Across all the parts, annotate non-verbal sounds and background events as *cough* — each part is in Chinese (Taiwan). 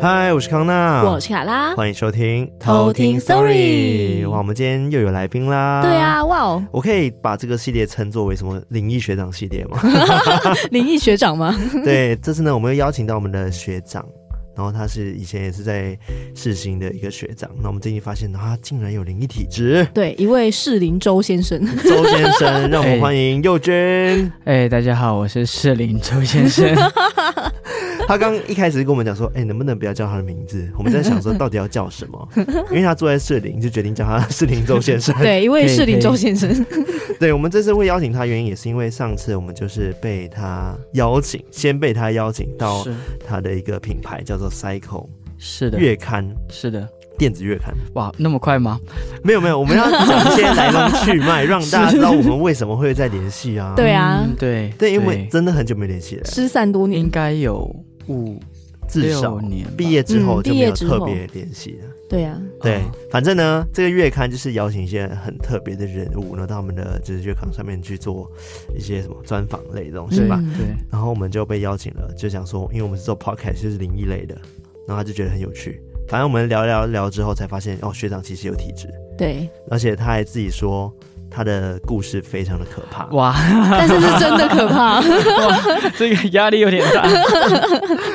嗨，Hi, 我是康娜，我是卡拉，歡迎收聽偷聽史多利。哇、哦，我們今天又有來賓啦！對啊，哇哦！我可以把這個系列稱作為什麼？靈異學長系列嗎？靈 *laughs* 異 *laughs* 學長嗎？ *laughs* 對，這次呢，我們又邀請到我們的學長。然後他是以前也是在世行的一個學長，那我們最近發現，他竟然有靈異體質。對，一位士林周先生，周先生， *laughs* 讓我們歡迎佑君、哎。哎，大家好，我是士林周先生。 *laughs* 他剛一開始跟我們講說：“哎，能不能不要叫他的名字？”我們在想說，到底要叫什麼？因為他住在士林，就決定叫他士林周先生。對，因為士林周先生。對，我們這次會邀請他，原因也是因為上次我們就是被他邀請，先被他邀請到他的一個品牌叫做 PSYCHO，是的，月刊，是的，電子月刊。哇，那麼快嗎？沒有沒有，我們要講一些來龍去脈，讓大家知道我們為什麼會再聯繫啊？對啊，對，對，因為真的很久沒聯繫了，失散多年，應該有。五至少年畢業之後就沒有特別聯繫了、嗯。對啊，對，反正呢，這個月刊就是邀請一些很特別的人物呢，到我們的就是月刊上面去做一些什麼專訪類的東西吧。嗯、對，然後我們就被邀請了，就想說，因為我們是做 podcast 就是靈異類的，然後他就覺得很有趣。反正我們聊聊聊之後，才發現哦，學長其實有體質。對，而且他還自己說。他的故事非常的可怕，哇！但是是真的可怕， *laughs* 這個壓力有點大。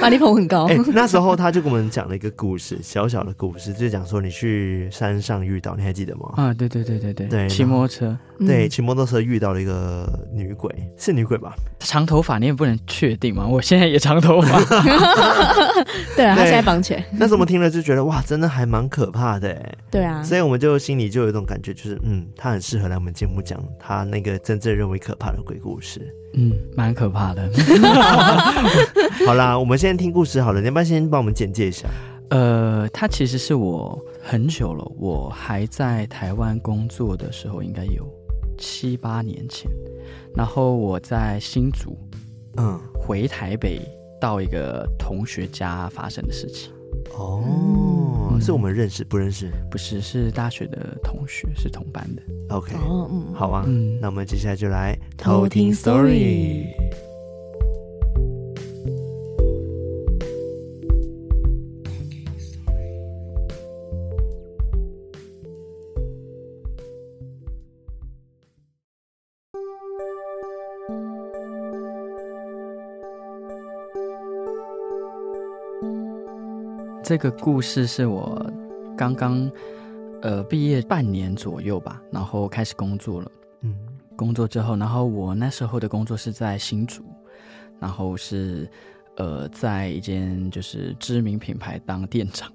馬立鵬很高，欸，那時候他就跟我們講了一個故事，小小的故事，就講說你去山上遇到，你還記得嗎？啊，嗯，對對對對對，騎摩托車，對，騎摩托車遇到了一個女鬼，嗯、是女鬼吧？長頭髮，你也不能確定嘛。我現在也長頭髮，對，他現在綁起來。那時候我們聽了就覺得哇，真的還蠻可怕的，欸，哎，對啊，所以我們就心裡就有一種感覺，就是嗯，他很適合來我們節目講他那個真正認為可怕的鬼故事，嗯，蠻可怕的。 *laughs* *laughs* 好啦，我們先聽故事好了，你要不要先幫我們簡介一下？呃，他其實是我很久了，我還在台灣工作的時候，應該有七八年前。然後我在新竹，嗯，回台北到一個同學家發生的事情。哦，嗯、是我們認識、嗯、不認識？不是，是大學的同學，是同班的。OK，、哦、好啊，嗯、那我們接下來就來偷聽 story。這個故事是我剛剛呃畢業半年左右吧，然後開始工作了。嗯，工作之後，然後我那時候的工作是在新竹，然後是呃在一間就是知名品牌當店長，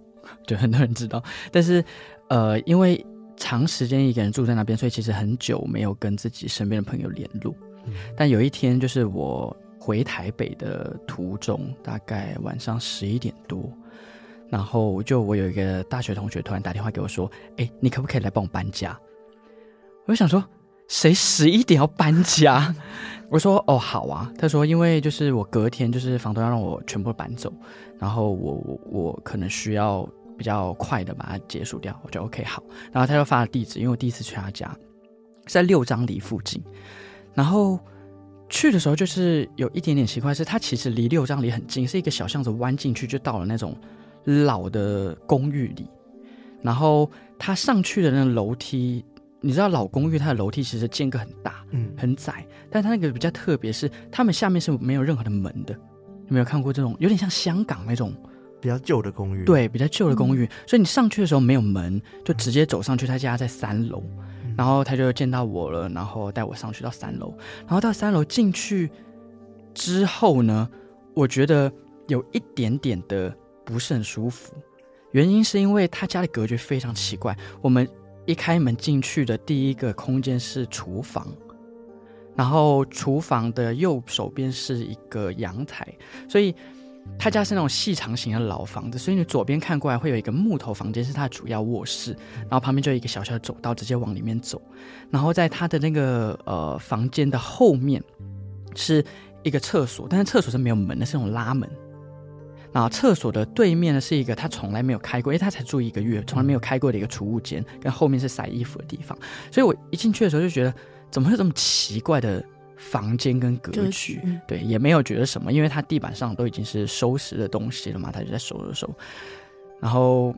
就很多人知道。但是呃，因為長時間一個人住在那邊，所以其實很久沒有跟自己身邊的朋友聯絡。嗯，但有一天，就是我回台北的途中，大概晚上十一點多。然後就我有一個大學同學突然打電話給我說：“哎，你可不可以來幫我搬家？”我就想說：“誰十一點要搬家？”我說：“哦，好啊。”他說：“因為就是我隔天就是房東要讓我全部搬走，然後我我我可能需要比較快的把它結束掉。”我就 OK 好。然後他就發了地址，因為我第一次去他家，是在六張犁附近。然後去的時候就是有一點點奇怪，是他其實離六張犁很近，是一個小巷子彎進去就到了那種。老的公寓裡，然後他上去的那個樓梯，你知道老公寓它的樓梯其實間隔很大，嗯，很窄，但他那個比較特別是，是他們下面是沒有任何的門的。有沒有看過這種有點像香港那種比較舊的公寓？對，比較舊的公寓，嗯、所以你上去的時候沒有門，就直接走上去。他家在三樓，嗯、然後他就見到我了，然後帶我上去到三樓，然後到三樓進去之後呢，我覺得有一點點的。不是很舒服，原因是因為他家的格局非常奇怪。我們一開門進去的第一個空間是廚房，然後廚房的右手邊是一個陽台，所以他家是那種細長型的老房子。所以你左邊看過來會有一個木頭房間，是他主要臥室，然後旁邊就有一個小小的走道，直接往裡面走。然後在他的那個呃房間的後面是一個廁所，但是廁所是沒有門的，是那種拉門。啊，廁所的對面呢，是一個他從來沒有開過，因為他才住一個月，從來沒有開過的一個儲物間，跟後面是曬衣服的地方。所以我一進去的時候就覺得，怎麼會有這麼奇怪的房間跟格局？曲對，也沒有覺得什麼，因為他地板上都已經是收拾的東西了嘛，他就在收拾收。然後，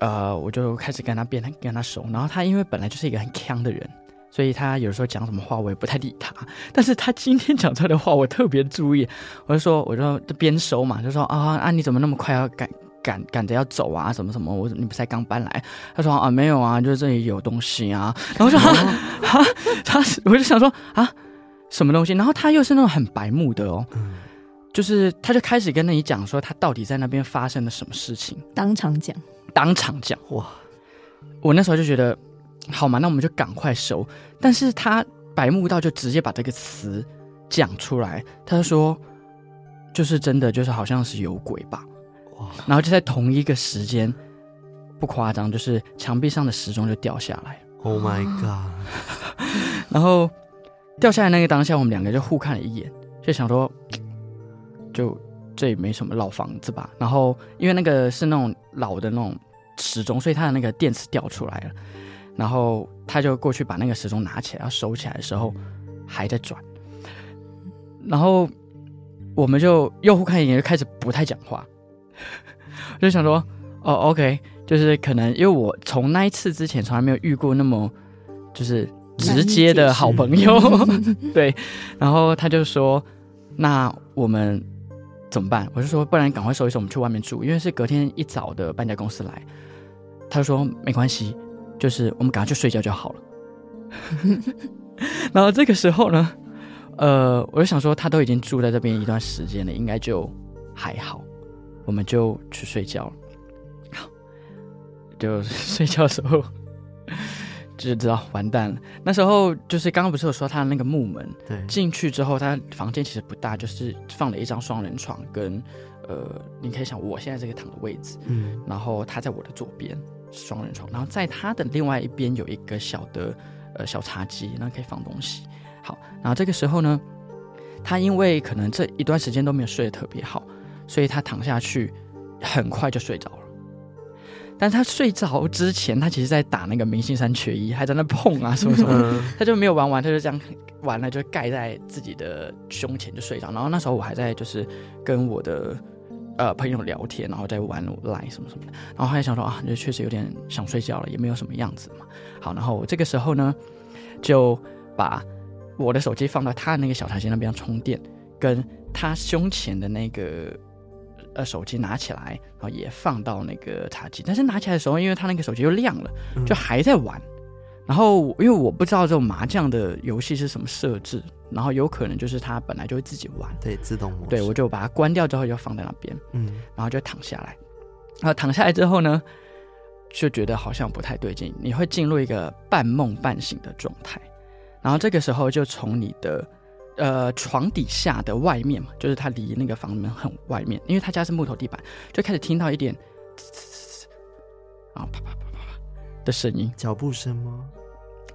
呃，我就開始跟他變，跟他熟，然後他因為本來就是一個很嗆的人。所以他有時候講什麼話，我也不太理他。但是他今天講出來的話，我特別注意。我就說，我就邊收嘛，就說啊啊，你怎麼那麼快要趕趕趕着要走啊？什麼什麼？我你不是才剛搬來？他說啊，沒有啊，就是這裡有東西啊。然後說，哈、啊啊啊，他是我就想說啊，什麼東西？然後他又是那種很白目的哦，就是他就開始跟你講說，他到底在那邊發生了什麼事情？當場講？當場講哇！我那時候就覺得。好嘛，那我們就趕快收。但是他白目到就直接把這個詞講出來，他就說：“就是真的，就是好像是有鬼吧。”哇！然後就在同一個時間，不誇張，就是牆壁上的時鐘就掉下來。Oh my god！ *laughs* 然後掉下來那個當下，我們兩個就互看了一眼，就想說：“就這也沒什麼老房子吧？”然後因為那個是那種老的那種時鐘，所以它的那個電池掉出來了。然後他就過去把那個時鐘拿起來，要收起來的時候，還在轉。然後我們就又互看一眼，就開始不太講話。就想說，哦，OK，就是可能因為我從那一次之前從來沒有遇過那麼就是直接的好朋友， *laughs* 對。然後他就說：“那我們怎麼辦？”我就說：“不然趕快收一收，我們去外面住，因為是隔天一早的搬家公司來。”他就說：“沒關係。”就是我們趕快去睡覺就好了。 *laughs* 然後這個時候呢，呃，我就想說他都已經住在這邊一段時間了，應該就還好，我們就去睡覺好。就睡覺的時候， *laughs* 就知道完蛋了。那時候就是剛剛不是有說他那個木門，對，進去之後他房間其實不大，就是放了一張雙人床跟，呃，你可以想我現在這個躺的位置，嗯，然後他在我的左邊。雙人床，然後在他的另外一邊有一個小的呃小茶幾，那可以放東西。好，然後這個時候呢，他因為可能這一段時間都沒有睡得特別好，所以他躺下去很快就睡着了。但他睡着之前，他其實在打那個明星三缺一，還在那碰啊什麼什麼， *laughs* 他就沒有玩完，他就這樣玩了，就蓋在自己的胸前就睡着。然後那時候我還在就是跟我的。呃，朋友聊天，然後在玩賴什麼什麼的，然後他還想說啊，就確實有點想睡覺了，也沒有什麼樣子嘛。好，然後我這個時候呢，就把我的手機放到他那個小茶几那邊充電，跟他胸前的那個呃手機拿起來，然後也放到那個茶幾，但是拿起來的時候，因為他那個手機又亮了，就還在玩。嗯、然後因為我不知道這種麻將的遊戲是什麼設置。然後有可能就是它本來就會自己玩，對，自動模式。對，我就把它關掉之後就放在那邊，嗯，然後就躺下來。然後躺下來之後呢，就覺得好像不太對勁，你會進入一個半夢半醒的狀態。然後這個時候就從你的呃床底下的外面嘛，就是它離那個房門很外面，因為他家是木頭地板，就開始聽到一點嘶嘶嘶、啊啪啪啪啪啪的聲音，腳步聲嗎？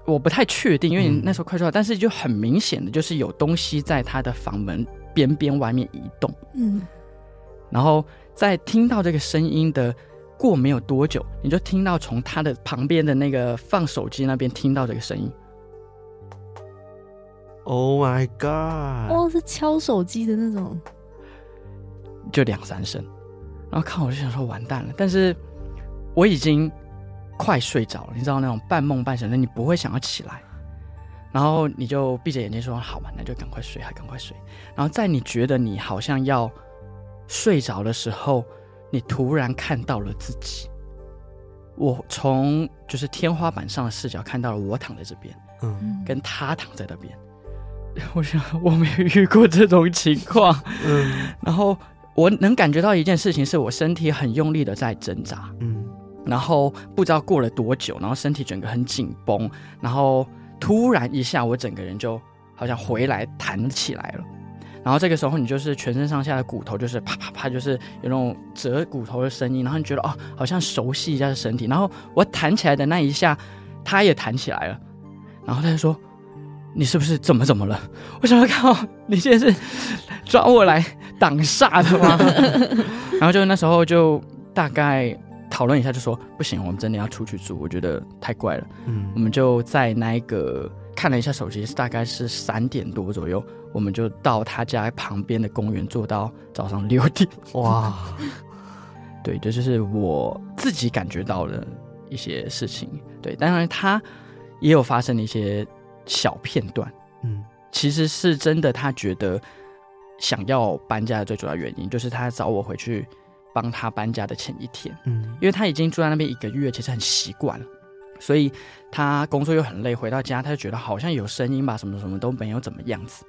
我不太確定，因為你那時候快說，嗯，但是就很明顯的就是有東西在他的房門邊邊外面移動。嗯，然後在聽到這個聲音的過沒有多久，你就聽到從他的旁邊的那個放手機那邊聽到這個聲音。Oh my god！哦，是敲手機的那種，就兩三聲。然後看我就想說完蛋了，但是我已經。快睡着了，你知道那種半夢半醒的，你不會想要起來，然後你就閉着眼睛說好嘛，那就趕快睡，還趕快睡。然後在你覺得你好像要睡着的時候，你突然看到了自己，我從就是天花板上的視角看到了我躺在這邊，嗯，跟他躺在那邊。我想我沒有遇過這種情況，嗯，然後我能感覺到一件事情，是我身體很用力的在掙扎，嗯。然後不知道過了多久，然後身體整個很緊繃，然後突然一下，我整個人就好像回來彈起來了。然後這個時候，你就是全身上下的骨頭就是啪啪啪，就是有那種折骨頭的聲音。然後你覺得哦，好像熟悉一下身體。然後我彈起來的那一下，他也彈起來了。然後他就說：“你是不是怎麼怎麼了？我想要看靠你現在是抓我來擋煞的嗎？” *laughs* 然後就那時候就大概。討論一下就說，不行，我們真的要出去住，我覺得太怪了。嗯，我們就在那一個看了一下手機，大概是三點多左右，我們就到他家旁邊的公園坐到早上六點。哇， *laughs* 對，這就是我自己感覺到的一些事情。對，當然他也有發生一些小片段。嗯，其實是真的，他覺得想要搬家的最主要原因就是他找我回去。幫他搬家的前一天，嗯，因為他已經住在那邊一個月，其實很習慣了，所以他工作又很累，回到家他就覺得好像有聲音吧，什麼什麼都沒有，怎麼樣子？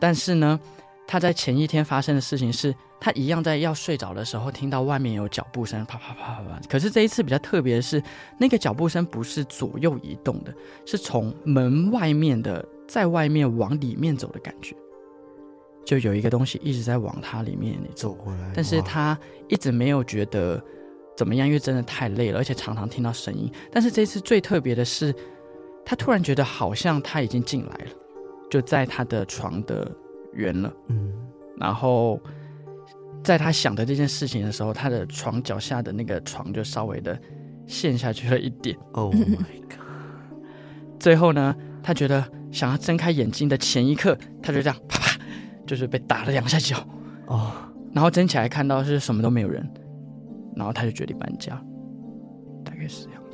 但是呢，他在前一天發生的事情是，他一樣在要睡着的時候聽到外面有腳步聲，啪啪啪啪啪。可是這一次比較特別的是，那個腳步聲不是左右移動的，是從門外面的，在外面往裡面走的感覺。就有一個東西一直在往他裡面走過來，但是他一直沒有覺得怎麼樣，哇因為真的太累了，而且常常聽到聲音。但是這次最特別的是，他突然覺得好像他已經進來了，就在他的床的圓了。嗯，然後在他想的這件事情的時候，他的床腳下的那個床就稍微的陷下去了一點。Oh my god！最後呢，他覺得想要睜開眼睛的前一刻，他就這樣啪啪。就是被打了兩下腳，哦，oh。然後睜起來看到是什麼都沒有人，然後他就決定搬家，大概是這樣。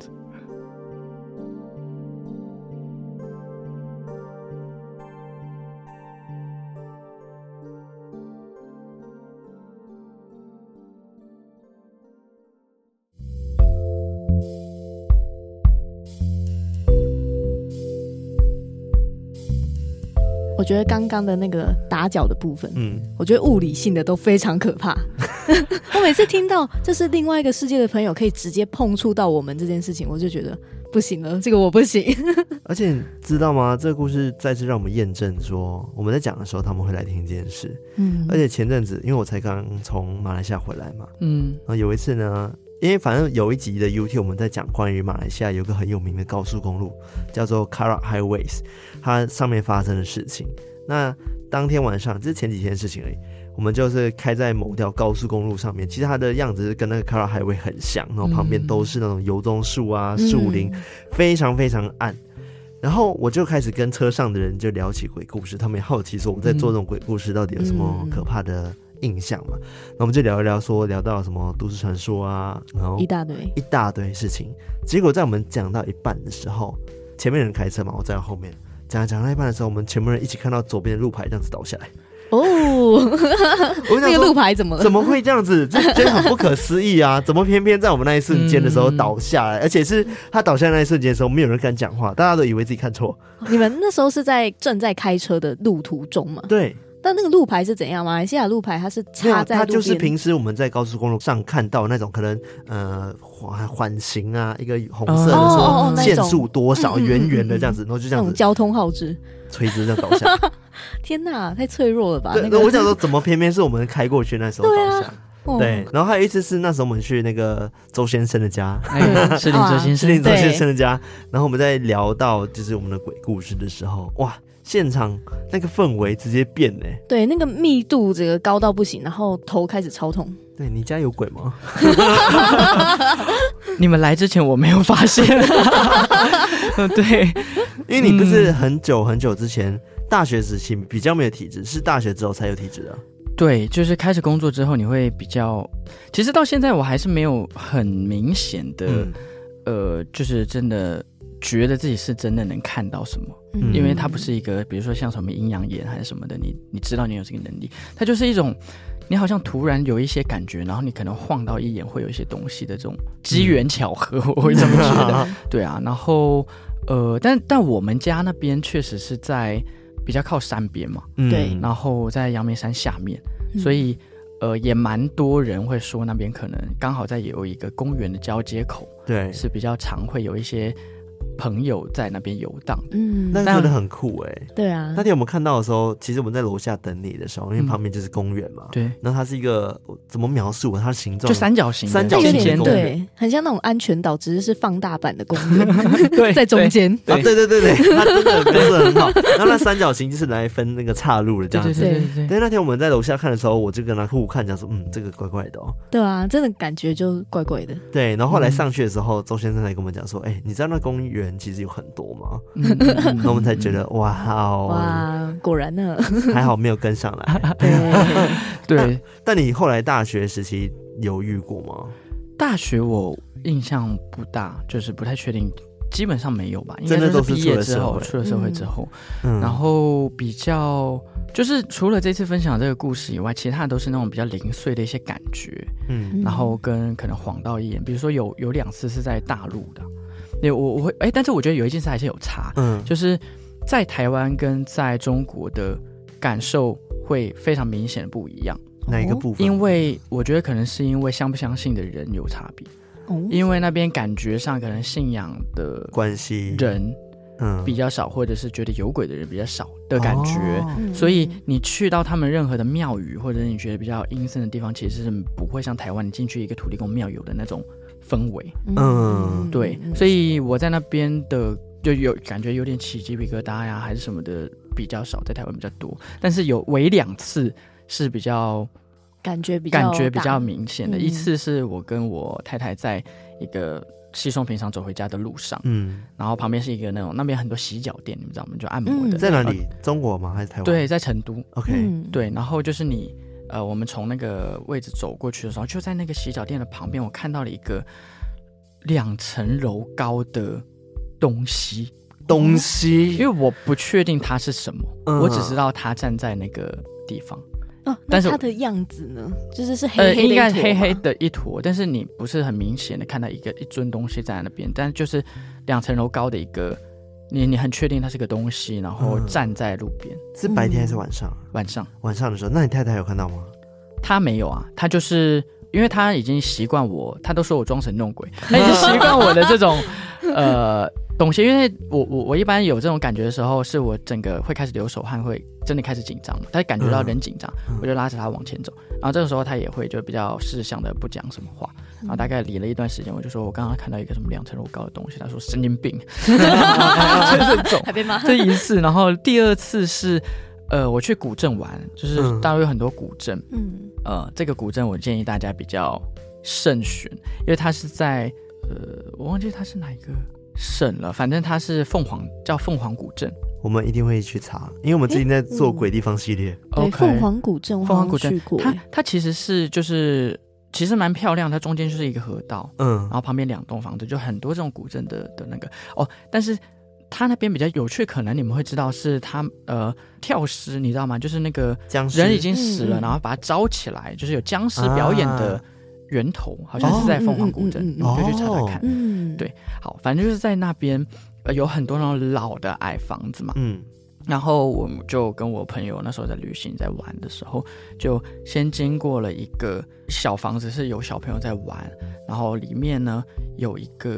我覺得剛剛的那個打腳的部分，嗯，我覺得物理性的都非常可怕。 *laughs* 我每次聽到這是另外一個世界的朋友可以直接碰觸到我們這件事情，我就覺得不行了，這個我不行。 *laughs* 而且知道嗎？這個故事再次讓我們驗證說，我們在講的時候他們會來聽這件事。嗯，而且前陣子因為我才剛從馬來西亞回來嘛，嗯，然後有一次呢。因為反正有一集的 UT，我們在講關於馬來西亞有個很有名的高速公路叫做 Kara Highways，它上面發生的事情。那當天晚上，這、就是前幾天事情而已，我們就是開在某條高速公路上面，其實它的樣子跟那個 Kara Highway 很像，然後旁邊都是那種油棕樹啊、樹、嗯、林，非常非常暗。然後我就開始跟車上的人就聊起鬼故事，他們也好奇說我們在做這種鬼故事到底有什麼可怕的印象嘛，那我們就聊一聊說，說聊到什麼都市傳說啊，然後一大堆一大堆事情。結果在我們講到一半的時候，前面人開車嘛，我在後面，講講到一半的時候，我們前面人一起看到左邊的路牌這樣子倒下來。哦， *laughs* 我那個路牌怎麼了？怎麼會這樣子？真的覺得很不可思議啊！怎麼偏偏在我們那一瞬間的時候倒下來，嗯，而且是他倒下那一瞬間的時候，沒有人敢講話，大家都以為自己看錯。你們那時候是在正在開車的路途中嗎？ *laughs* 對。但那個路牌是怎樣？馬來西亞路牌它是插在路邊，它就是平時我們在高速公路上看到那種可能呃緩緩行啊，一個紅色的那種，限速多少，圓圓的這樣子，然後就這樣子。交通號志垂直在倒下，天哪，太脆弱了吧？那我想說，怎麼偏偏是我們開過去那時候倒下？對，然後還有一次是那時候我們去那個周先生的家，士林周先生，士林周先生的家，然後我們在聊到就是我們的鬼故事的時候，哇！現場那個氛圍直接變呢、欸，對，那個密度這個高到不行，然後頭開始超痛。對，你家有鬼嗎？ *laughs* *laughs* 你們來之前我沒有發現、啊。 *laughs* 對，因為你不是很久很久之前、嗯、大學時期比較沒有體質，是大學之後才有體質的、啊。對，就是開始工作之後你會比較，其實到現在我還是沒有很明顯的，嗯、呃，就是真的。覺得自己是真的能看到什麼，嗯、因為它不是一個，比如說像什麼陰陽眼還是什麼的，你你知道你有這個能力，它就是一種你好像突然有一些感覺，然後你可能晃到一眼會有一些東西的這種機緣巧合，嗯、我會這麼覺得。 *laughs* 對啊，然後呃，但但我們家那邊確實是在比較靠山邊嘛，嗯、對，然後在陽明山下面，嗯、所以呃也蠻多人會說那邊可能剛好在也有一個公園的交接口，對，是比較常會有一些。朋友在那邊遊蕩，嗯，那覺得很酷哎！對啊。那天我們看到的時候，其實我們在樓下等你的時候，因為旁邊就是公園嘛，對。然後它是一個怎麼描述它的形狀就三角形，三角形公園，對，很像那種安全島，只是是放大版的公園，在中間。對對對對，它真的描述很好。然後那三角形就是來分那個岔路的這樣子。對對對。但是那天我們在樓下看的時候，我就跟他互看講說，嗯，這個怪怪的哦。對啊，真的感覺就怪怪的。對，然後後來上去的時候，周先生才跟我們講說，哎，你知道那公園？人其實有很多嘛，嗯、那我們才覺得、嗯、哇好、哦，哇，果然呢，還好沒有跟上來。 *laughs* 對，對，但你後來大學時期有遇過嗎？大學我印象不大，就是不太確定，基本上沒有吧。應該真的都是畢業之後，出了社會之後。嗯、然後比較就是除了這次分享這個故事以外，其他的都是那種比較零碎的一些感覺。嗯，然後跟可能晃到一眼，比如說有有兩次是在大陸的。對，我我會哎，但是我覺得有一件事還是有差，嗯，就是在台灣跟在中國的感受會非常明顯的不一樣。哪一個部分？因為我覺得可能是因為相不相信的人有差別，哦，因為那邊感覺上可能信仰的關係，人，嗯，比較少，嗯，或者是覺得有鬼的人比較少的感覺，哦嗯，所以你去到他們任何的廟宇，或者你覺得比較陰森的地方，其實是不會像台灣，你進去一個土地公廟有的那種。氛圍，嗯，對，所以我在那邊的就有感覺有點起雞皮疙瘩呀、啊，還是什麼的比較少，在台灣比較多。但是有唯兩次是比較感覺比較感覺比較明顯的、嗯、一次，是我跟我太太在一個稀鬆平常走回家的路上，嗯，然後旁邊是一個那種那邊很多洗腳店，你們知道嗎？就按摩的、嗯呃、在哪裡？中國嗎？還是台灣？對，在成都。OK，對，然後就是你。呃，我們從那個位置走過去的時候，就在那個洗腳店的旁邊，我看到了一個兩層樓高的東西。東西，嗯、因為我不確定它是什麼，嗯、我只知道它站在那個地方。嗯、是哦，但是它的樣子呢？就是是黑黑的、呃、應該是黑黑的一坨，但是你不是很明顯的看到一個一尊東西在那邊，但就是兩層樓高的一個。你你很確定它是個東西，然後站在路邊。嗯，是白天還是晚上？晚上，晚上的時候。那你太太有看到嗎？她沒有啊，她就是因為她已經習慣我，她都說我裝神弄鬼，她已經習慣我的這種 *laughs* 呃東西。因為我我我一般有這種感覺的時候，是我整個會開始流手汗，會真的開始緊張，她感覺到人緊張，嗯，我就拉着他往前走，然後這個時候他也會就比較識相的不講什麼話。啊，大概理了一段時間，我就說，我剛剛看到一個什麼兩層樓高的東西，他說神經病。這 *laughs* *laughs* 嗎這一次，然後第二次是，呃，我去古鎮玩，就是大陸有很多古鎮，嗯，呃，這個古鎮我建議大家比較慎選，因為它是在呃，我忘記它是哪一個省了，反正它是鳳凰，叫鳳凰古鎮。我們一定會去查，因為我們最近在做鬼地方系列。哦、欸，嗯 okay, 鳳凰古鎮，鳳凰古鎮，它它其實是就是。其實蠻漂亮，它中間就是一個河道，嗯，然後旁邊兩棟房子就很多這種古鎮的的那個哦，但是它那邊比較有趣，可能你們會知道是它呃跳屍，你知道嗎？就是那個殭屍人已經死了，殭屍，然後把它招起來，嗯、就是有殭屍表演的源頭，啊、好像是在鳳凰古鎮，哦、你就去查查看，嗯、哦，對，好，反正就是在那邊有很多那種老的矮房子嘛，嗯。然後我就跟我朋友那時候在旅行，在玩的時候，就先經過了一個小房子，是有小朋友在玩。然後裡面呢有一個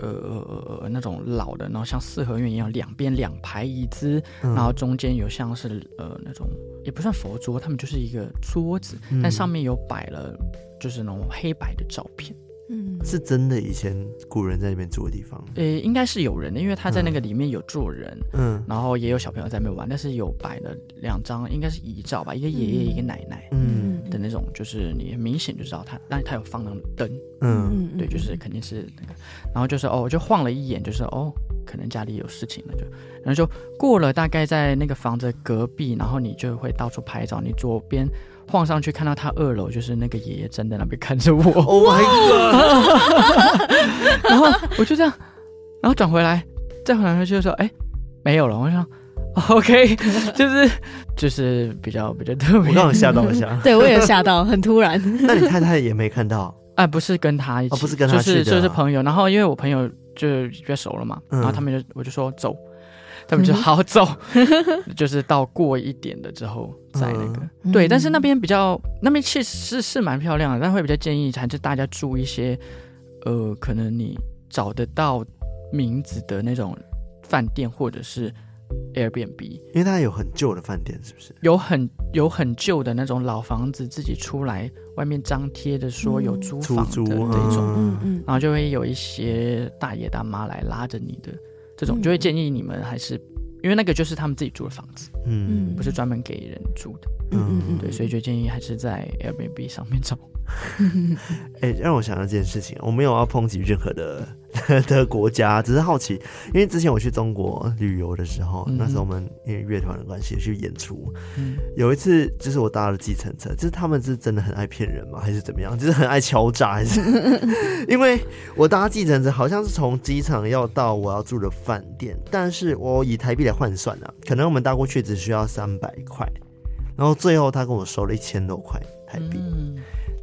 呃那種老的，然後像四合院一樣，兩邊兩排椅子，嗯、然後中間有像是呃那種也不算佛桌，他們就是一個桌子，但上面有擺了就是那種黑白的照片。是真的，以前古人在那邊住的地方，呃、欸，應該是有人的，因為他在那個裡面有住人，嗯，然後也有小朋友在那邊玩，嗯、但是有擺了兩張，應該是遺照吧，一個爺爺一個奶奶，嗯，的那種，嗯、就是你很明顯就知道他，但是、嗯、他有放那種燈，嗯嗯，對，就是肯定是那個，然後就是哦，就晃了一眼，就是哦，可能家裡有事情了，就然後就過了大概在那個房子隔壁，然後你就會到處拍照，你左邊。晃上去看到他二樓，就是那個爺爺站在那邊看着我，Oh my God！ *laughs* 然後我就這樣，然後轉回來，再回來他就說：“哎、欸，沒有了。”我就說：“OK，就是就是比較比較特別。我剛好嚇到 *laughs* ”我嚇到我嚇，對我也嚇到，很突然。 *laughs* 那你太太也沒看到？哎、 *laughs* 呃，不是跟他一起，哦、不是跟他，就是就是朋友。啊、然後因為我朋友就比較熟了嘛，嗯、然後他們就我就說走。他們就好，好走， *laughs* 就是到過一點的之後再那個。嗯、對，但是那邊比較，那邊確實是是蠻漂亮的，但會比較建議還是大家住一些，呃，可能你找得到名字的那種飯店或者是 Airbnb，因為它有很舊的飯店，是不是？有很有很舊的那種老房子，自己出來外面張貼的說有租房的這種，嗯嗯、啊，然後就會有一些大爺大媽來拉着你的。這種就會建議你們還是，嗯嗯，因為那個就是他們自己住的房子，嗯嗯，不是專門給人住的，嗯嗯嗯，對，所以就建議還是在 Airbnb 上面找。哎、 *laughs* 欸，讓我想到這件事情。我沒有要抨擊任何的的國家，只是好奇，因為之前我去中國旅遊的時候，嗯、那時候我們因為樂團的關係去演出，嗯、有一次就是我搭了計程車，就是他們是真的很愛騙人嗎？還是怎麼樣？就是很愛敲詐，還是？ *laughs* 因為我搭計程車好像是從機場要到我要住的飯店，但是我以台幣來換算啊，可能我們搭過去只需要三百塊，然後最後他跟我收了一千多塊台幣。嗯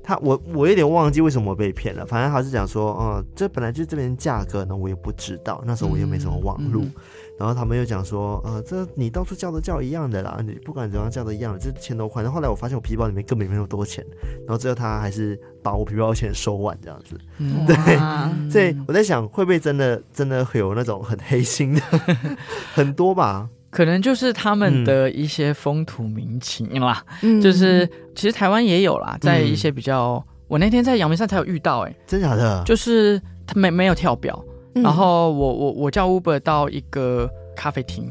他我我有點忘記為什麼我被騙了，反正他是講說，嗯、呃，這本來就是這邊價格呢，我也不知道，那時候我又沒什麼網絡。嗯、然後他們又講說，呃，這你到處叫都叫一樣的啦，你不管怎樣叫都一樣的，這千多塊。然後，後來我發現我皮包裡面根本沒有多錢，然後最後他還是把我皮包錢收完這樣子。嗯、對，哇所以我在想，會不會真的真的會有那種很黑心的， *laughs* 很多吧。可能就是他們的一些風土民情啦，嗯，就是，嗯，其實台灣也有啦，在一些比較，嗯，我那天在陽明山才有遇到，欸，哎，真的假的？就是他沒沒有跳表，嗯，然後我我我叫 Uber 到一個咖啡廳，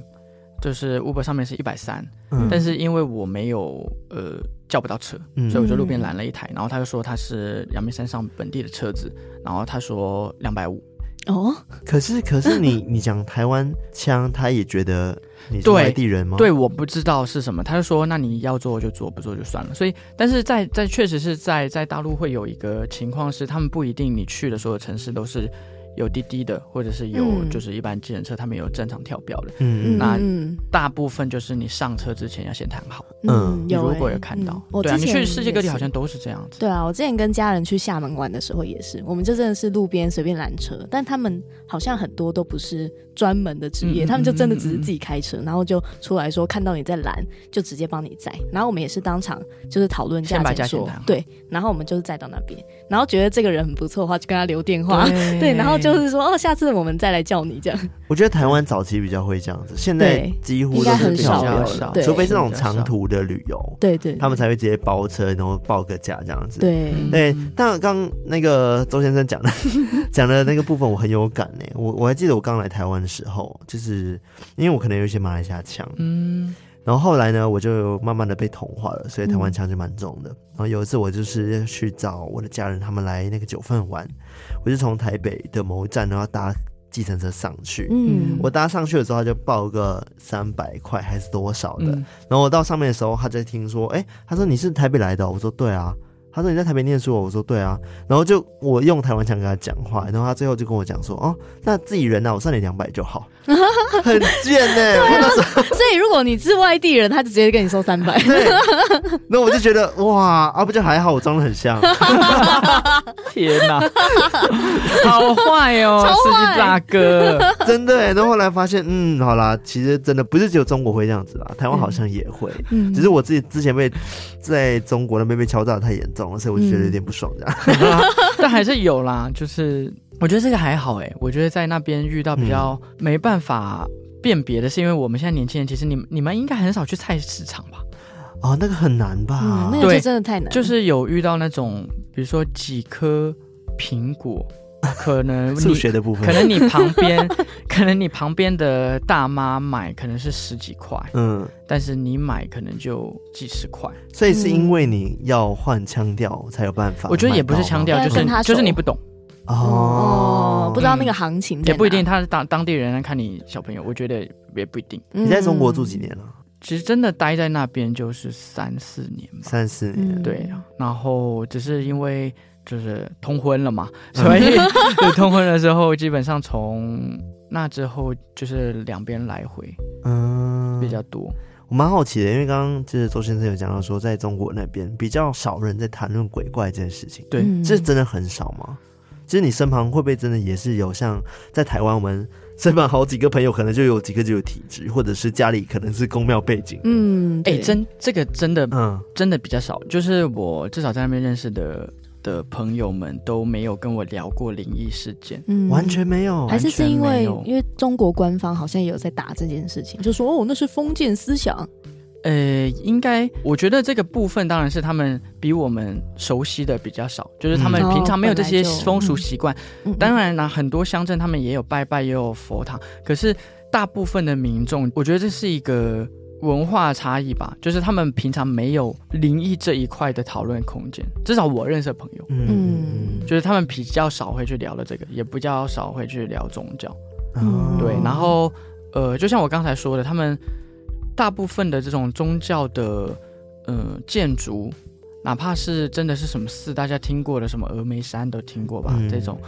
就是 Uber 上面是一百三，但是因為我沒有呃叫不到車，嗯，所以我就路邊攔了一台，嗯，然後他就說他是陽明山上本地的車子，然後他說兩百五。哦，可是可是你你講台灣腔，他也覺得你是外地人嗎？對，對，我不知道是什麼，他就說，那你要做就做，不做就算了。所以，但是在在確實是在在大陸會有一個情況是，他們不一定你去的所有城市都是。有滴滴的，或者是有就是一般計程車，他們有正常跳表的。嗯嗯。那大部分就是你上車之前要先談好。嗯。有。如果有看到，我之前。去世界各地好像都是這樣子。對啊，我之前跟家人去廈門玩的時候也是，我們就真的是路邊隨便攔車，但他們好像很多都不是專門的職業，他們就真的只是自己開車，然後就出來說看到你在攔，就直接幫你載。然後我們也是當場就是討論價錢說，對，然後我們就是載到那邊，然後覺得這個人很不錯的話，就跟他留電話。對，然後。就是說，哦，下次我們再來叫你這樣。我覺得台灣早期比較會這樣子，現在幾乎都是比較很少，除非這種長途的旅遊，對對，他們才會直接包車，然後報個價這樣子。對對，對，嗯，但剛那個周先生講的，講的那個部分我很有感呢。 *laughs* 我我還記得我剛來台灣的時候，就是因為我可能有些馬來西亞腔，嗯。然後後來呢，我就慢慢的被同化了，所以台灣腔就蠻重的。嗯、然後有一次我就是去找我的家人，他們來那個九份玩，我就從台北的某一站然後搭計程車上去。嗯，我搭上去的時候他就報個三百塊還是多少的，嗯、然後我到上面的時候，他就聽說，哎，他說你是台北來的，哦，我說對啊，他說你在台北念書，哦，我說對啊，然後就我用台灣腔跟他講話，然後他最後就跟我講說，哦，那自己人吶，啊，我算你兩百就好。很賤呢、欸， *laughs* 啊、所以如果你是外地人，他就直接跟你收三百 *laughs* 。那我就覺得哇，啊不就還好，我裝得很像。 *laughs* *laughs* 天哪，好壞哦，超壞，士林大哥， *laughs* 真的、欸。那後，後來發現，嗯，好啦，其實真的不是只有中國會這樣子啦，台灣好像也會。嗯，只是我自己之前被在中國的妹妹敲詐得太嚴重，所以我就覺得有點不爽這樣。 *laughs* *laughs* 但還是有啦，就是。我覺得這個還好哎、欸，我覺得在那邊遇到比較沒辦法辨別的是，嗯、因為我們現在年輕人，其實你們你們應該很少去菜市場吧？哦，那個很難吧？對、嗯，那個、真的太難。就是有遇到那種，比如說幾顆蘋果，可能數 *laughs* 學的部分，可能你旁邊， *laughs* 可能你旁邊的大媽買可能是十幾塊，嗯，但是你買可能就幾十塊。所以是因為你要換腔調才有辦法、嗯。我覺得也不是腔調，就是就是你不懂。哦，oh, oh, 不知道那個行情。嗯、也不一定。他是當當地人來看你小朋友，我覺得也不一定。你在中國住幾年了？嗯、其實真的待在那邊就是三四年，三四年。對，然後只是因為就是通婚了嘛，所以，嗯、通婚了之後，基本上從那之後就是兩邊來回，嗯，比較多。我蠻好奇的，因為剛剛就是周先生有講到說，在中國那邊比較少人在談論鬼怪這件事情，對，這，嗯、真的很少嗎？其實你身旁會不會真的也是有像在台灣我們身旁好幾個朋友，可能就有幾個就有體質，或者是家裡可能是宮廟背景。嗯，哎、欸，真這個真的，嗯，真的比較少。就是我至少在那邊認識的的朋友們都沒有跟我聊過靈異事件。嗯，完，完全沒有。還是是因為因為中國官方好像也有在打這件事情，就說哦，那是封建思想。呃，應該我覺得這個部分當然是他們比我們熟悉的比較少，就是他們平常沒有這些風俗習慣。嗯哦、當然呢，很多鄉鎮他們也有拜拜，也有佛堂，可是大部分的民眾，我覺得這是一個文化差異吧，就是他們平常沒有靈異這一塊的討論空間。至少我認識的朋友，嗯，就是他們比較少會去聊了這個，也比較少會去聊宗教。嗯、對，然後呃，就像我剛才說的，他們。大部分的這種宗教的，呃，建築，哪怕是真的是什麼寺，大家聽過的什麼峨眉山都聽過吧？嗯、這種，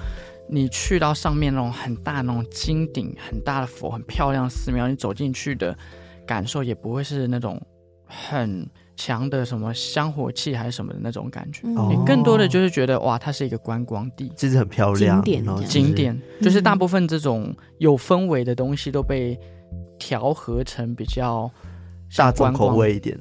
你去到上面那種很大那種金頂、很大的佛、很漂亮寺廟，你走進去的感受也不會是那種很強的什麼香火氣還是什麼的那種感覺，你、嗯、更多的就是覺得哇，它是一個觀光地，其實很漂亮，景點哦，景點，就是大部分這種有氛圍的東西都被。嗯調和成比較下重口味一點，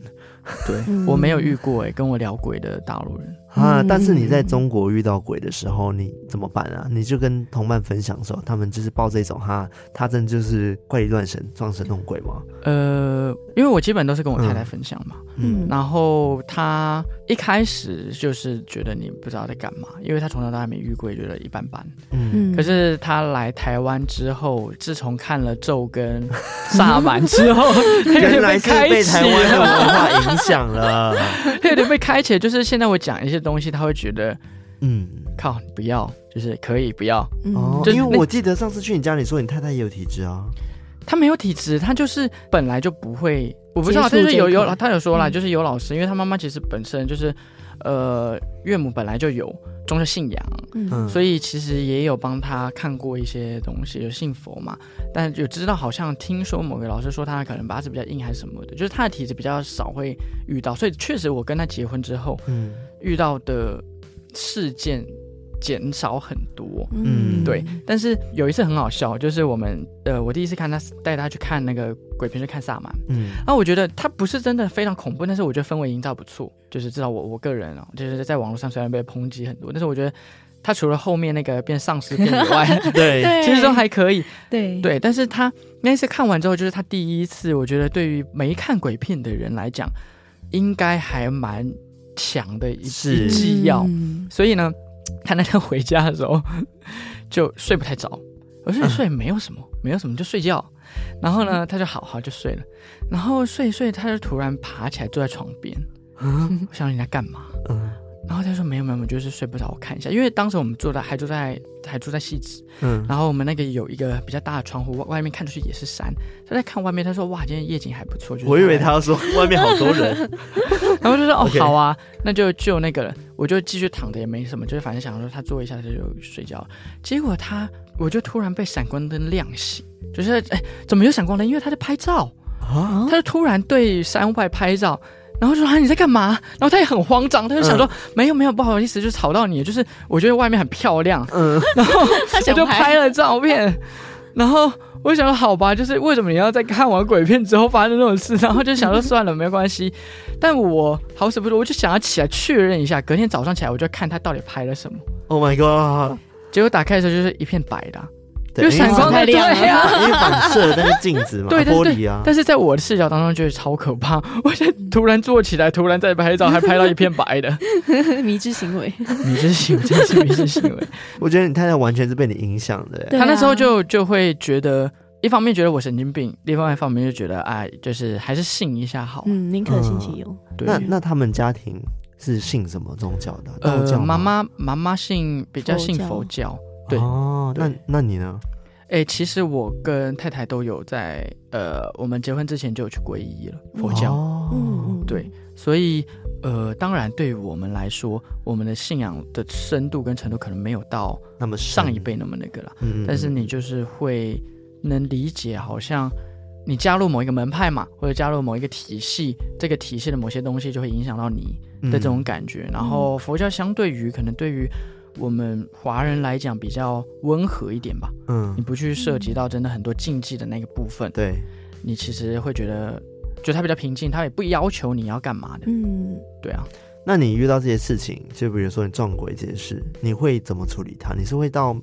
對、嗯、我沒有遇過哎、欸，跟我聊鬼的大陸人啊，但是你在中國遇到鬼的時候，你怎麼辦啊？你就跟同伴分享說，他們就是抱這種哈，他真的就是怪力亂神，裝神弄鬼嗎？呃，因為我基本都是跟我太太分享嘛，嗯，嗯，然後他。一開始就是覺得你不知道在幹嘛，因為他從小到大沒遇過，也覺得一般般。嗯，可是他來台灣之後，自從看了《咒跟薩滿》之後，有 *laughs* 他就被開啟了，原來被台灣的文化影響了，有點 *laughs* 被開起來。就是現在我講一些東西，他會覺得，嗯，靠，不要，就是可以不要。哦，就因為我記得上次去你家裡說，你太太也有體質啊。他沒有體質，他就是本來就不會。我不知道，但是有有他有說了，嗯、就是有老師，因為他媽媽其實本身就是，呃，岳母本來就有宗教信仰，嗯，所以其實也有幫他看過一些東西，就是、信佛嘛。但有知道，好像聽說某個老師說他可能八字比較硬，還是什麼的，就是他的體質比較少會遇到。所以確實，我跟他結婚之後，嗯，遇到的事件。減少很多，嗯，對。但是有一次很好笑，就是我們呃，我第一次看他帶他去看那個鬼片，去看薩滿。嗯，啊，我覺得他不是真的非常恐怖，但是我覺得氛圍營造不錯，就是至少我我個人哦、喔，就是在網絡上雖然被抨擊很多，但是我覺得他除了後面那個變喪屍片以外， *laughs* 對，其實都還可以。對對，但是他那次看完之後，就是他第一次，我覺得對於沒看鬼片的人來講，應該還蠻強的一次機是要。嗯、所以呢。看他那天回家的時候就睡不太着，我說你睡沒有什麼，嗯、沒有什麼就睡覺。然後呢，他就好好就睡了，然後睡一睡，他就突然爬起來坐在床邊，我、嗯、想人家幹嘛？嗯然後他說沒有沒有，我就是睡不着，我看一下。因為當時我們坐在還坐在還住在汐止，嗯，然後我們那個有一個比較大的窗戶，外外面看出去也是山。他在看外面，他說哇，今天夜景還不錯。就是、我以為他要說外面好多人， *laughs* 然後就說哦 Okay. 好啊，那就就那個了，我就繼續躺着也沒什麼，就是反正想說他坐一下他就睡覺。結果他我就突然被閃光燈亮醒，就是哎怎麼有閃光燈？因為他在拍照、啊、他就突然對山外拍照。然後就說你在幹嘛？然後他也很慌張，他就想說、嗯、沒有沒有，不好意思，就吵到你。就是我覺得外面很漂亮，嗯、然後我就拍了照片。 *laughs* 想拍 然後我就想說好吧，就是為什麼你要在看完鬼片之後發生那種事？然後就想說算了， *laughs* 沒關係。但我好死不死，我就想要起來確認一下。隔天早上起來，我就看他到底拍了什麼。Oh my god！結果打開的時候就是一片白的。有閃光才對呀，因為,哦啊、因為反射那是鏡子嘛，對啊、玻璃啊。但是在我的視角當中，覺得超可怕。我現在突然坐起來，突然在拍照，還拍到一片白的，迷之行為。迷之行為真是迷之行為。我覺得你太太完全是被你影響的。她那時候就就會覺得，一方面覺得我神經病，另外一方面就覺得，哎，就是還是信一下好。嗯，寧可信其有。嗯、對那那他們家庭是信什麼宗教的？道教呃，媽媽媽媽信比較信佛教。對、oh, 那對那你呢？哎、欸，其實我跟太太都有在呃，我們結婚之前就有去皈依了佛教。哦，oh. 對，所以呃，當然對於我們來說，我們的信仰的深度跟程度可能沒有到那麼上一輩那麼那個了。嗯，但是你就是會能理解，好像你加入某一個門派嘛，或者加入某一個體系，這個體系的某些東西就會影響到你的這種感覺。嗯、然後佛教相對於可能對於。我們華人來講比較溫和一點吧，嗯，你不去涉及到真的很多禁忌的那個部分，嗯、對，你其實會覺得，就他比較平靜，他也不要求你要幹嘛的，嗯，對啊。那你遇到這些事情，就比如說你撞鬼這件事，你會怎麼處理它？你是會到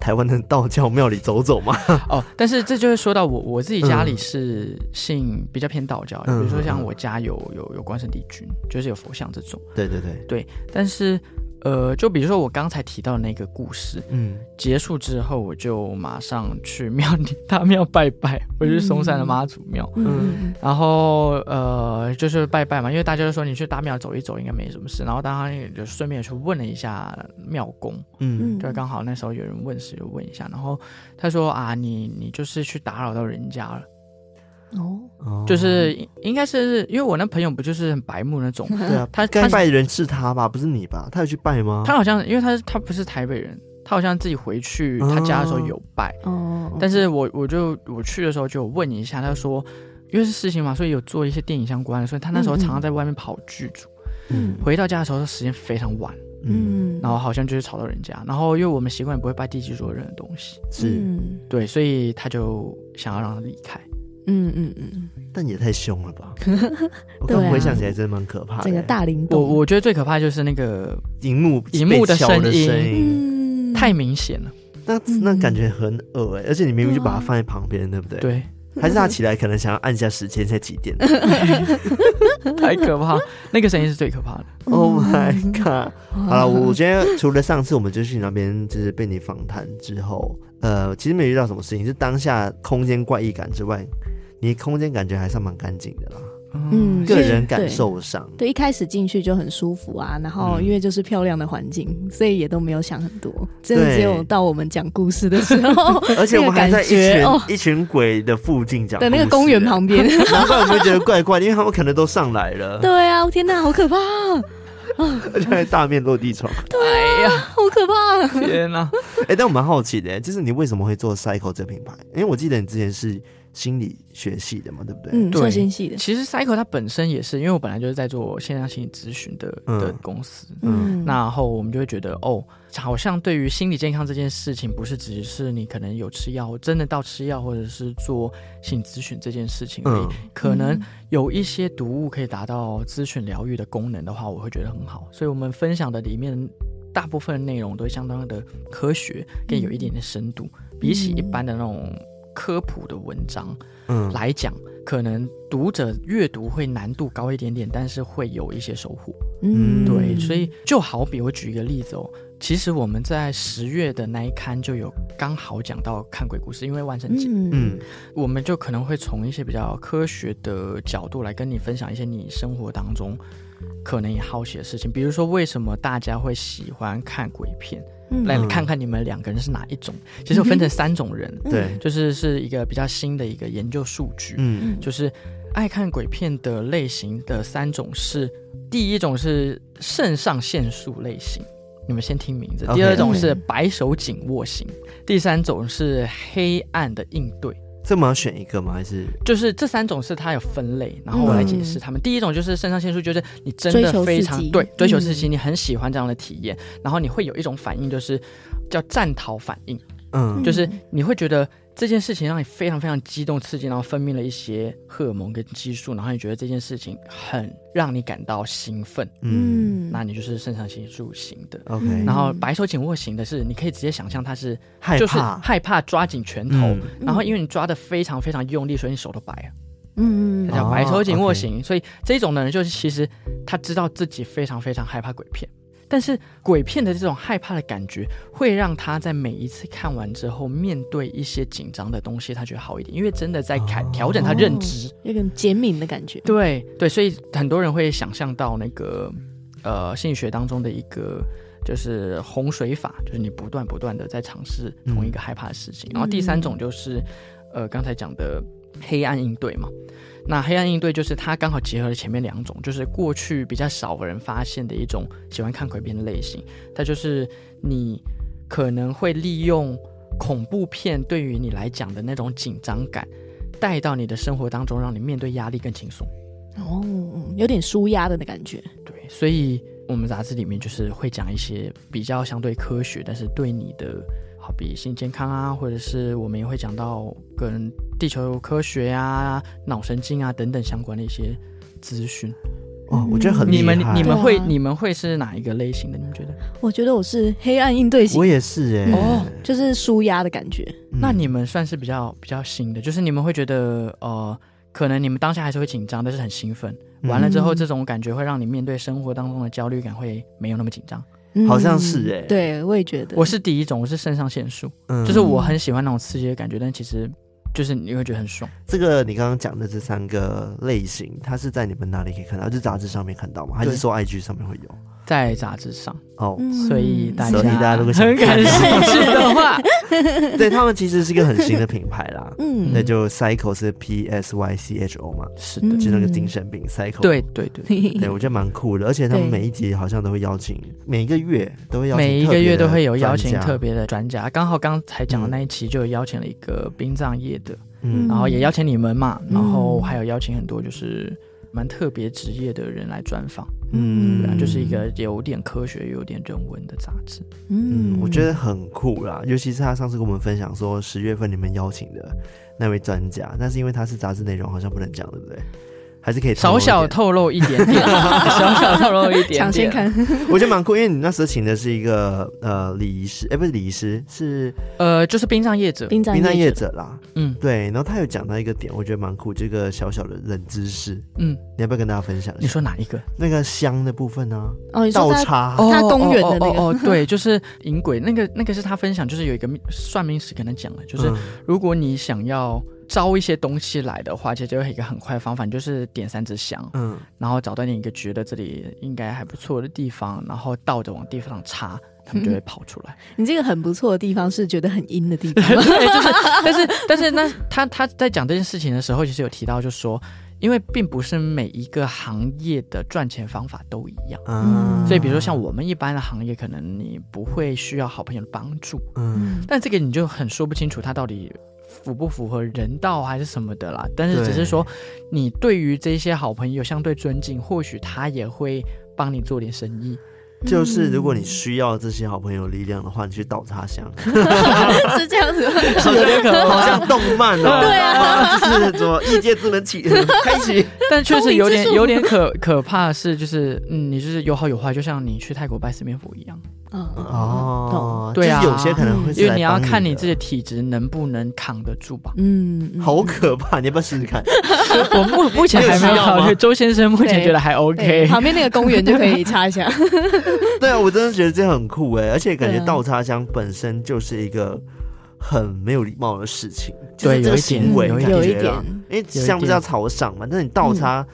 台灣的道教廟裡走走嗎？ *laughs* 哦，但是這就是說到我我自己家裡是信比較偏道教的，嗯、比如說像我家有有有關聖帝君，就是有佛像這種，對對對對，但是。呃，就比如說我剛才提到的那個故事，嗯，結束之後我就馬上去廟裡大廟拜拜，我去松山的媽祖廟，嗯，然後呃就是拜拜嘛，因為大家都說你去大廟走一走應該沒什麼事，然後當時就順便也去問了一下廟公，嗯，就剛好那時候有人問事就問一下，然後他說啊你你就是去打擾到人家了。哦，oh. 就是應該是因為我那朋友不就是很白目那種，對啊， *laughs* 他該拜人是他吧，不是你吧？他有去拜嗎？他好像，因為他他不是台北人，他好像自己回去他家的時候有拜，哦，oh. oh. okay. 但是我我就我去的時候就問一下，他說因為是事情嘛，所以有做一些電影相關的，所以他那時候常常在外面跑劇組，嗯，嗯，回到家的時候時間非常晚，嗯，然後好像就是吵到人家，然後因為我們習慣不會拜地基主人的東西，是，對，所以他就想要讓他離開。嗯嗯嗯，但也太凶了吧！ *laughs* 我剛回想起來，真的蠻可怕的，欸啊。這個大鈴，我我覺得最可怕就是那個熒幕熒幕的敲的聲音，嗯、太明顯了。那那感覺很惡心，欸，而且你明明就把它放在旁邊，對，啊，對不對？對。還是他起來可能想要按下時間才幾點？ *laughs* 太可怕，那個聲音是最可怕的。Oh my god！好了，我覺得除了上次我們就去那邊就是被你訪談之後，呃，其實沒遇到什麼事情，就當下空間怪異感之外，你空間感覺還算蠻乾淨的啦。嗯，個人感受上，對，對，一開始進去就很舒服啊，然後因為就是漂亮的環境，嗯、所以也都沒有想很多。真的只有到我們講故事的時候，對 *laughs* 而且我們還在一群、哦、一群鬼的附近講，在那個公園旁邊，難怪我會覺得怪怪， *laughs* 因為他們可能都上來了。對啊，我天哪、啊，好可怕、啊！ *laughs* 而且還大面落地窗， *laughs* 對呀、啊，好可怕、啊！天哪、啊，哎、 *laughs* 欸，但我蠻好奇的，就是你為什麼會做 PSYCHO 這品牌？因為我記得你之前是。心理學系的嘛，對不對？嗯，做心理的。其實 PSYCHO 它本身也是，因為我本來就是在做線上心理諮詢的、嗯、的公司。嗯，然後我們就會覺得，哦，好像對於心理健康這件事情，不是只是你可能有吃藥，真的到吃藥，或者是做心理諮詢這件事情而已，嗯、可能有一些讀物可以達到諮詢療癒的功能的話，我會覺得很好。所以我們分享的裡面大部分的內容都相當的科學，更有一點的深度，嗯、比起一般的那種。科普的文章，嗯，來講，嗯，可能讀者閱讀會難度高一點點，但是會有一些收穫，嗯，對，所以就好比我舉一個例子哦，其實我們在十月的那一刊就有剛好講到看鬼故事，因為萬聖節，嗯，嗯，我們就可能會從一些比較科學的角度來跟你分享一些你生活當中可能也好奇的事情，比如說為什麼大家會喜歡看鬼片。來看看你們兩個人是哪一種？其實我分成三種人，對，就是是一個比較新的一個研究數據，嗯，就是愛看鬼片的類型的三種是：第一種是腎上腺素類型，你們先聽名字；第二種是白手緊握型；第三種是黑暗的應對。這麼要選一個嗎？還是就是這三種是它有分類，然後我來解釋它們。嗯、第一種就是腎上腺素，就是你真的非常對追求刺激，對你很喜歡這樣的體驗，嗯、然後你會有一種反應，就是叫戰逃反應，嗯，就是你會覺得。這件事情讓你非常非常激動刺激，然後分泌了一些荷爾蒙跟激素，然後你覺得這件事情很讓你感到興奮，嗯，那你就是腎上腺素型的，OK。嗯、然後白手緊握型的是，你可以直接想象他是害怕，嗯、就是害怕抓緊拳頭，嗯、然後因為你抓的非常非常用力，所以你手都白了，嗯，他叫白手緊握型。哦、所以這種呢，人、嗯、就是其實他知道自己非常非常害怕鬼片。但是鬼片的這種害怕的感覺，會讓他在每一次看完之後，面對一些緊張的東西，他覺得好一點，因為真的在看調整他認知，哦、有種減敏的感覺。對對，所以很多人會想象到那個呃心理學當中的一個就是洪水法，就是你不斷不斷的在嘗試同一個害怕的事情。嗯、然後第三種就是，呃剛才講的。黑暗應對嘛，那黑暗應對就是它剛好結合了前面兩種，就是過去比較少人發現的一種喜歡看鬼片的類型。它就是你可能會利用恐怖片對於你來講的那種緊張感，帶到你的生活當中，讓你面對壓力更輕鬆。哦，oh, 有點舒壓的的感覺。對，所以我們雜誌裡面就是會講一些比較相對科學，但是對你的。好比心理健康啊，或者是我們也會講到跟地球科學啊、腦神經啊等等相關的一些資訊哦。我覺得很厲害，你們你們會、啊、你們會是哪一個類型的？你們覺得？我覺得我是黑暗應對型。我也是哎。嗯、哦，就是舒壓的感覺。嗯、那你們算是比較比較新的，就是你們會覺得呃，可能你們當下還是會緊張，但是很興奮。完了之後，嗯、這種感覺會讓你面對生活當中的焦慮感會沒有那麼緊張。嗯、好像是誒、欸，對，我也覺得，我是第一種，我是腎上腺素，嗯、就是我很喜歡那種刺激的感覺，但其實就是你會覺得很爽。這個你剛剛講的這三個類型，它是在你們哪裡可以看到？就是、雜誌上面看到嗎？還是說 IG 上面會有？在雜誌上哦，所以所以大家很感興趣的, *laughs* 的話， *laughs* 對他們其實是一個很新的品牌啦。 *laughs* 嗯，那就 PSYCHO 是 P S Y C H O 嘛，是的，就那個精神病 PSYCHO 對對對，對我覺得蠻酷的, *laughs* 覺得蠻酷的，而且他們每一集好像都會邀請，每一個月都會邀請每一個月都會有邀請特別的專家。剛好剛才講的那一期就邀請了一個殯葬業的，嗯、然後也邀請你們嘛，然後還有邀請很多就是。蠻特別職業的人來專訪，嗯，嗯，就是一個有點科學、有點人文的雜誌，嗯，嗯，我覺得很酷啦。尤其是他上次跟我們分享說，十月份你們邀請的那位專家，但是因為他是雜誌內容，好像不能講，對不對？還是可以少小透露一點點， *laughs* 小小透露一點，搶先看，我覺得蠻酷，因為你那時候請的是一個呃禮儀師，哎、欸，不是禮儀師，是呃就是殯葬業者，殯葬業者啦，嗯，對，然後他有講到一個點，我覺得蠻酷，這、就是、個小小的冷知識，嗯，你要不要跟大家分享一下？你說哪一個？那個香的部分呢、啊？哦，你說倒插哦，他東元的那個，哦哦、 *laughs* 對，就是引鬼那個，那個是他分享，就是有一個算命師跟他講了，就是如果你想要。招一些東西來的話，其實就有一個很快的方法，就是點三隻香，嗯，然後找到你一個覺得這裡應該還不錯的地方，然後倒着往地上插，他們就會跑出來。嗯，你這個很不錯的地方是覺得很陰的地方， *laughs* 對，就是，但是但是那他他在講這件事情的時候，其實有提到，就是說，因為並不是每一個行業的賺錢方法都一樣，嗯，所以比如說像我們一般的行業，可能你不會需要好朋友的幫助，嗯，但這個你就很說不清楚他到底。符不符合人道還是什麼的啦？但是只是說，你對於這些好朋友相對，對尊敬，或許他也會幫你做點生意。就是如果你需要這些好朋友力量的話，你去倒他香，嗯、 *laughs* *laughs* 是這樣子。首先是，好像動漫啊、哦，就是什麼異界之門起開啟， *laughs* 但確實有點有點可可怕的是，就是，就是嗯，你就是有好有壞，就像你去泰國拜四面佛一樣。哦，對啊，有些可能會，因為你要看你自己的體質能不能扛得住吧。嗯，好可怕，你要不要試試看？我目目前還沒有，周先生目前覺得還 OK。旁邊那個公園就可以插一下。對啊，我真的覺得這很酷哎，而且感覺倒插香本身就是一個很沒有禮貌的事情，就是這個行為有一點，因為香不是要朝上嘛，那你倒插，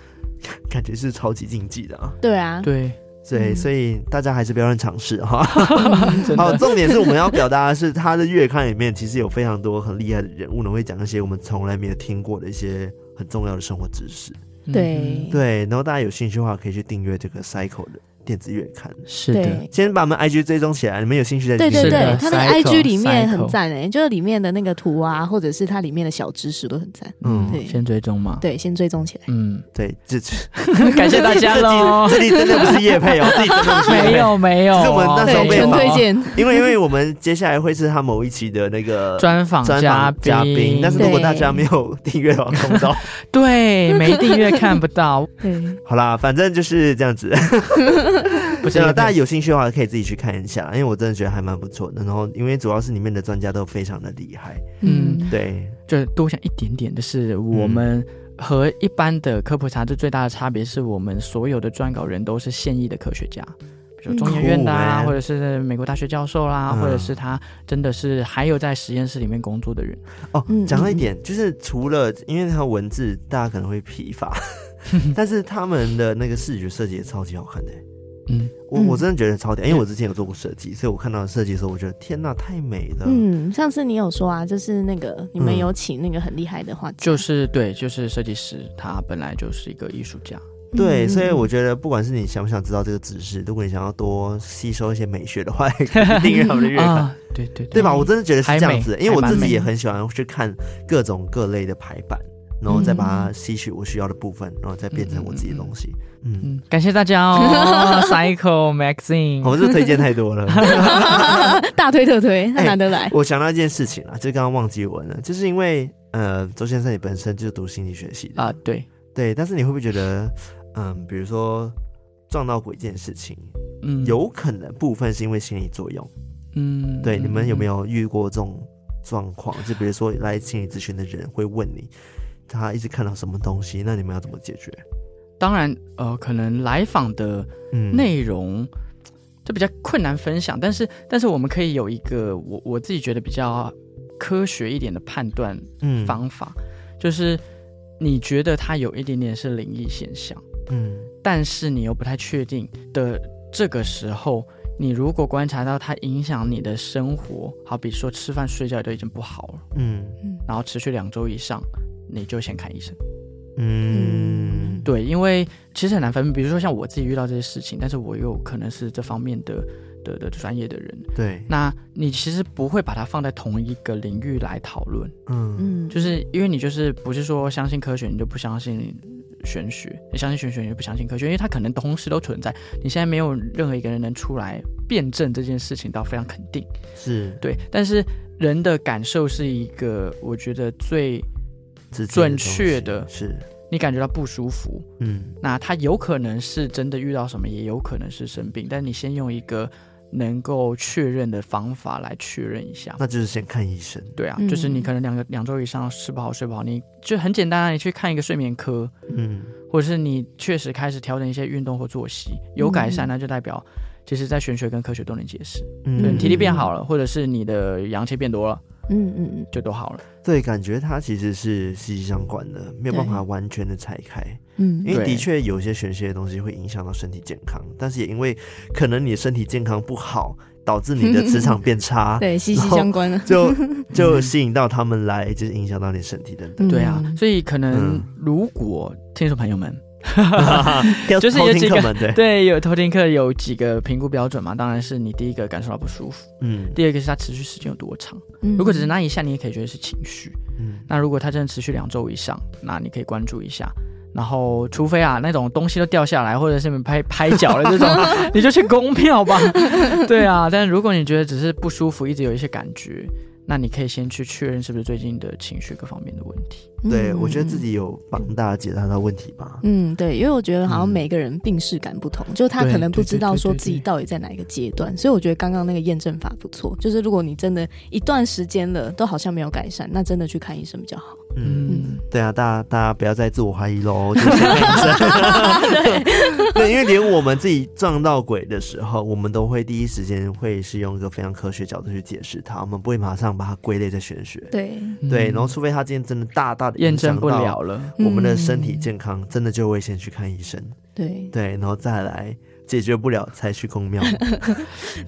感覺是超級禁忌的啊。對啊，對。對，嗯、所以大家還是不要亂嘗試哈。好，重點是我們要表達的是，他的月刊裡面其實有非常多很厲害的人物，呢，會講一些我們從來沒有聽過的一些很重要的生活知識。對、嗯、對，然後大家有興趣的話，可以去訂閱這個 PSYCHO 的。電子閱看，是的，先把我們 IG 追蹤起來，你們有興趣再追。對對對，他的 IG 裡面很讚哎，就是裡面的那個圖啊，或者是它裡面的小知識都很讚。嗯，對，先追蹤嘛，對，先追蹤起來。嗯，對，支持，感謝大家嘍。這裡真的不是業配哦，自己沒有沒有。我們那時候被推薦，因為因為我們接下來會是他某一期的那個專訪嘉賓，但是如果大家沒有訂閱，看不到。對，沒訂閱看不到。對，好啦，反正就是這樣子。不行，大家有興趣的話可以自己去看一下，因為我真的覺得還蠻不錯的。然後，因為主要是裡面的專家都非常的厲害，嗯，對，就多想一點點的是。就是、嗯、我們和一般的科普雜誌最大的差別，是我們所有的撰稿人都是現役的科學家，比如中科院的、啊，嗯、或者是美國大學教授啦、啊，嗯、或者是他真的是還有在實驗室裡面工作的人。嗯、哦，嗯、講到一點，嗯、就是除了因為他的文字大家可能會疲乏， *laughs* 但是他們的那個視覺設計也超級好看的。嗯，我我真的覺得超屌，因為我之前有做過設計，嗯、所以我看到設計的時候，我覺得天哪、啊，太美了。嗯，上次你有說啊，就是那個你們有請那個很厲害的畫，就是對，就是設計師，他本來就是一個藝術家。對，所以我覺得不管是你想不想知道這個知識，如果你想要多吸收一些美學的話，一定越看越美、 *laughs* 啊。對對對，對吧？我真的覺得是這樣子，美因為我自己也很喜歡去看各種各類的排版。然後再把它吸取我需要的部分，然後再變成我自己的東西。嗯，感謝大家哦，Psycho Magazine，我們是推薦太多了，大推特推，難得來。我想到一件事情啊，就剛剛忘記問了，就是因為呃，周先生你本身就是讀心理學系的啊，對對，但是你會不會覺得，嗯，比如說撞到鬼這件事情，嗯，有可能部分是因為心理作用，嗯，對，你們有沒有遇過這種狀況？就比如說來心理諮詢的人會問你。他一直看到什麼東西？那你們要怎麼解決？當然，呃，可能來訪的內容、嗯、就比較困難分享，但是，但是我們可以有一個我我自己覺得比較科學一點的判斷方法，嗯、就是你覺得他有一點點是靈異現象，嗯，但是你又不太確定的這個時候，你如果觀察到他影響你的生活，好比說吃飯、睡覺都已經不好了，嗯嗯，然後持續兩周以上。你就先看醫生，嗯，嗯，對，因為其實很難分辨，比如說像我自己遇到這些事情，但是我又可能是這方面的的的專業的人，對，那你其實不會把它放在同一個領域來討論，嗯嗯，就是因為你就是不是說相信科學你就不相信玄學，你相信玄學你就不相信科學，因為它可能同時都存在。你現在沒有任何一個人能出來辯證這件事情到非常肯定，是對，但是人的感受是一個我覺得最。準確的是，你感覺到不舒服，嗯，那他有可能是真的遇到什麼，也有可能是生病。但你先用一個能夠確認的方法來確認一下，那就是先看醫生。對啊，嗯、就是你可能兩個兩週以上吃不好睡不好，你就很簡單啊，你去看一個睡眠科，嗯，或者是你確實開始調整一些運動或作息有改善，那就代表、嗯、其實，在玄學跟科學都能解釋，嗯，你體力變好了，嗯、或者是你的陽氣變多了。嗯嗯嗯，就都好了。對，感覺它其實是息息相關的，沒有辦法完全的拆開。嗯對，因為的確有些玄學的東西會影響到身體健康，但是也因為可能你的身體健康不好，導致你的磁場變差。 *laughs* 對，息息相關的。就就吸引到他們來，就是影響到你身體的。對、嗯、對啊，所以可能如果聽眾朋友們。嗯 *laughs* 就是有幾個聽對，對有偷聽客有幾個評估標準嘛？當然是你第一個感受到不舒服，嗯，第二個是他持續時間有多長？如果只是那一下，你也可以覺得是情緒，嗯，那如果他真的持續兩周以上，那你可以關注一下。然後除非啊，那種東西都掉下來，或者是你拍拍腳了這種， *laughs* 你就去公票吧。對啊，但如果你覺得只是不舒服，一直有一些感覺。那你可以先去確認是不是最近的情緒各方面的問題。嗯、對，我覺得自己有幫大家解答到問題吧。嗯，對，因為我覺得好像每個人病識感不同，嗯、就他可能不知道說自己到底在哪一個階段，所以我覺得剛剛那個驗證法不錯，就是如果你真的一段時間了都好像沒有改善，那真的去看醫生比較好。嗯，嗯，對啊，大家大家不要再自我懷疑嘍。就是 *laughs* *laughs* 對，因為連我們自己撞到鬼的時候，我們都會第一時間會是用一個非常科學角度去解釋它，我們不會馬上把它歸類在玄學。對、嗯、對，然後除非它今天真的大大的影響到了我們的身體健康，真的就會先去看醫生。對對，然後再來。解決不了才去宮廟，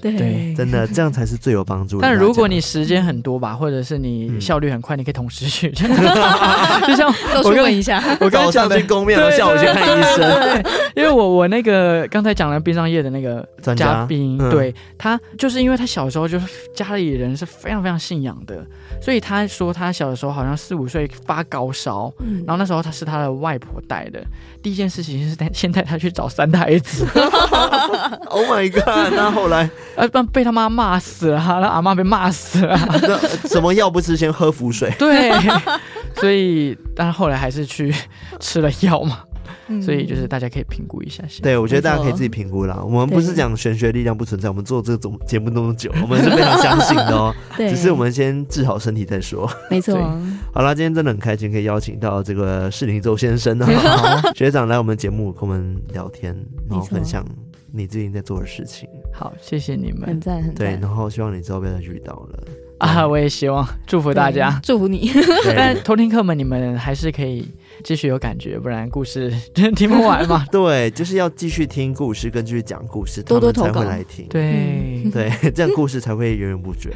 對，真的這樣才是最有幫助。但如果你時間很多吧，或者是你效率很快，你可以同時去。就像我問一下，我上午去宮廟，下午去看醫生。對，因為我我那個剛才講了殯葬業的那個嘉賓，對他就是因為他小時候就是家裡人是非常非常信仰的，所以他說他小時候好像四五歲發高燒，然後那時候他是他的外婆帶的，第一件事情是帶先帶他去找三太子。 *laughs* Oh my god！但後來，呃、啊，被他媽罵死了，哈，他阿媽被罵死了 *laughs* 。什麼藥不吃先喝符水？對，所以，但後來還是去吃了藥嘛。所以就是大家可以評估一下，對，我覺得大家可以自己評估啦，我們不是講玄學力量不存在，我們做這種節目那麼久，我們是非常相信的哦。只是我們先治好身體再說。沒錯。好啦，今天真的很開心可以邀請到這個士林周先生學長來我們節目跟我們聊天，然後分享你最近在做的事情。好，謝謝你們，很讚很讚。對，然後希望你之後不要再遇到了啊！我也希望，祝福大家，祝福你。但偷聽客們，你們還是可以。繼續有感覺，不然故事聽不完嘛。 *laughs* 對，就是要繼續聽故事，跟繼續講故事， *laughs* 他們才會來聽。多多投稿。對對，這樣故事才會源源不絕。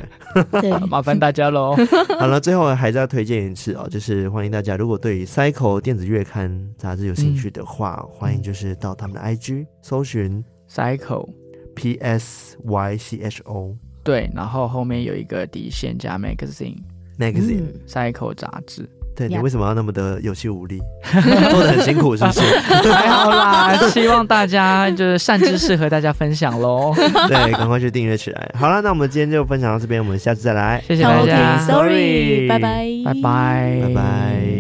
麻煩大家嘍。好了，最後還是要推薦一次啊、哦，就是歡迎大家，如果對《PSYCHO》電子月刊雜誌有興趣的話，嗯、歡迎就是到他們的 IG 搜尋 PSYCHO P S、嗯、Y C H O，對，然後後面有一個底線加 magazine, Magazine Magazine、嗯、PSYCHO 雜誌。對，你為什麼要那麼的有氣無力？Yeah. 做得很辛苦是不是？ *laughs* 還好啦，希望大家就是善知識和大家分享嘍。 *laughs* 對，趕快去訂閱起來。好了，那我們今天就分享到這邊，我們下次再來。謝謝大家 okay,，Sorry，拜拜，拜拜 bye，拜拜。